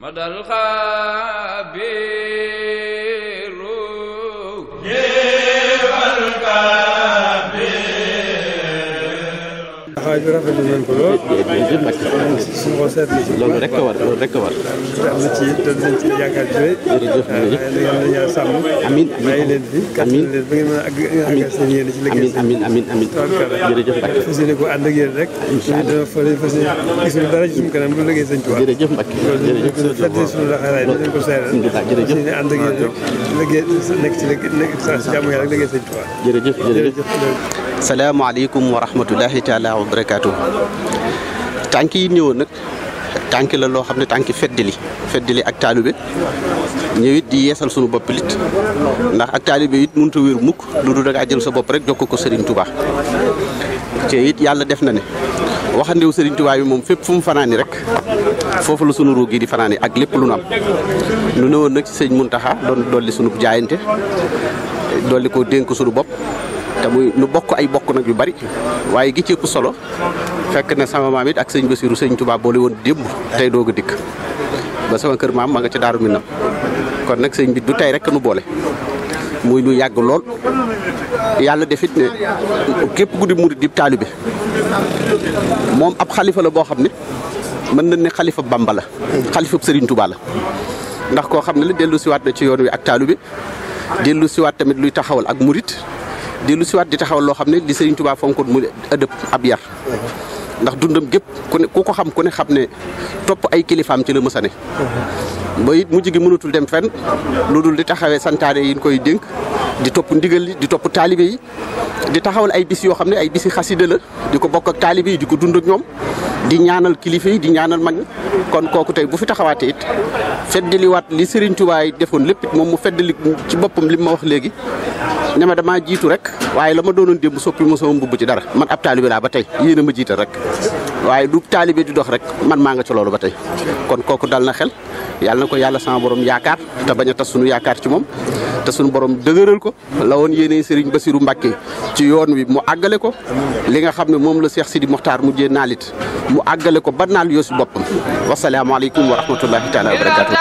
مدى الخبير taxawaay bi rafetlu nañ ko lool. loolu rek a war loolu rek a war. am na ci te dinañ ci yaakaar jërëjëf. jërëjëf yéen ñëpp fi. amiin a ko ànd ak yéen rek. incha allah dina fas yéene gisul dara ci suñu kanam bu liggéey sëñ Tuubaa. salaamaaleykum wa rahmatullahi taala wa barakaatu tànk yi ñëwoon nag tànk la loo xam ne tànk feddili li ak taalibe ñëwit di yeesal sunu bopp lit ndax ak taalibe it mënut a wér mukk lu du dangaa jël sa bopp rek jokk ko Serigne Touba te it yàlla def na ne waxandewu Serigne Touba yi moom fépp fu mu fanaani rek foofu la sunu ruug yi di fanaani ak lépp lu nu am nu newoon nag ci sëñ Muntaxa doon dolli sunu jaayante dolli ko dénk sunu bopp. te muy lu bokk ay bokk nag yu bari waaye gi ci ëpp solo fekk na sama maam it ak sëñ Basiru sëñ Tuubaa boole woon démb tey doog a dikk ba sama kër maam ma nga ci daaru Minam kon nag sëñ bi du tey rek nu boole muy lu yàgg lool yàlla defit ne képp guddi murid dib moom ab xalifa la boo xam ne mën nañ ne xalifa Bamba la xalifa Sëriñ Tuubaa la ndax koo xam ne la dellu siwaat na ci yoon wi ak taalibe dellu siwaat tamit luy taxawal ak murit di lu siwaat di taxawal loo xam ne di Serigne Touba fonkoon mu ëdëb ab yar ndax dundam gépp ku ne ku ko xam ku ne xam ne topp ay kilifaam ci la mësa mujj gi mënatul dem fenn lu dul di taxawee santaane yi koy dénk di topp ndigal li di topp taalibe yi di taxawal ay bis yoo xam ne ay bisi la di ko bokk ak taalibe di ko dund ak ñoom di ñaanal kilifa yi di ñaanal mag kon kooku tey bu fi taxawaatee it feddaliwaat li Serigne defoon lépp moom mu feddali ci boppam li ma wax léegi ne ma damaa jiitu rek waaye la ma doonoon démb soppi ma sama mbubb ci dara man ab taalibe laa ba tey yéen a ma jiital rek waaye du taalibe di dox rek man maa nga ci loolu ba tey kon kooku dal na xel yàlla na ko yàlla sama borom yaakaar te bañ a tas sunu yaakaar ci moom te sunu borom dëgëral ko la woon yéene Serigne Bassirou Mbacké ci yoon wi mu àggale ko li nga xam ne moom la Cheikh Sidi Mokhtar mujjee naalit mu àggale ko ba naal yoo si boppam wasalaamaaleykum wa rahmatullahi taala wa barakatu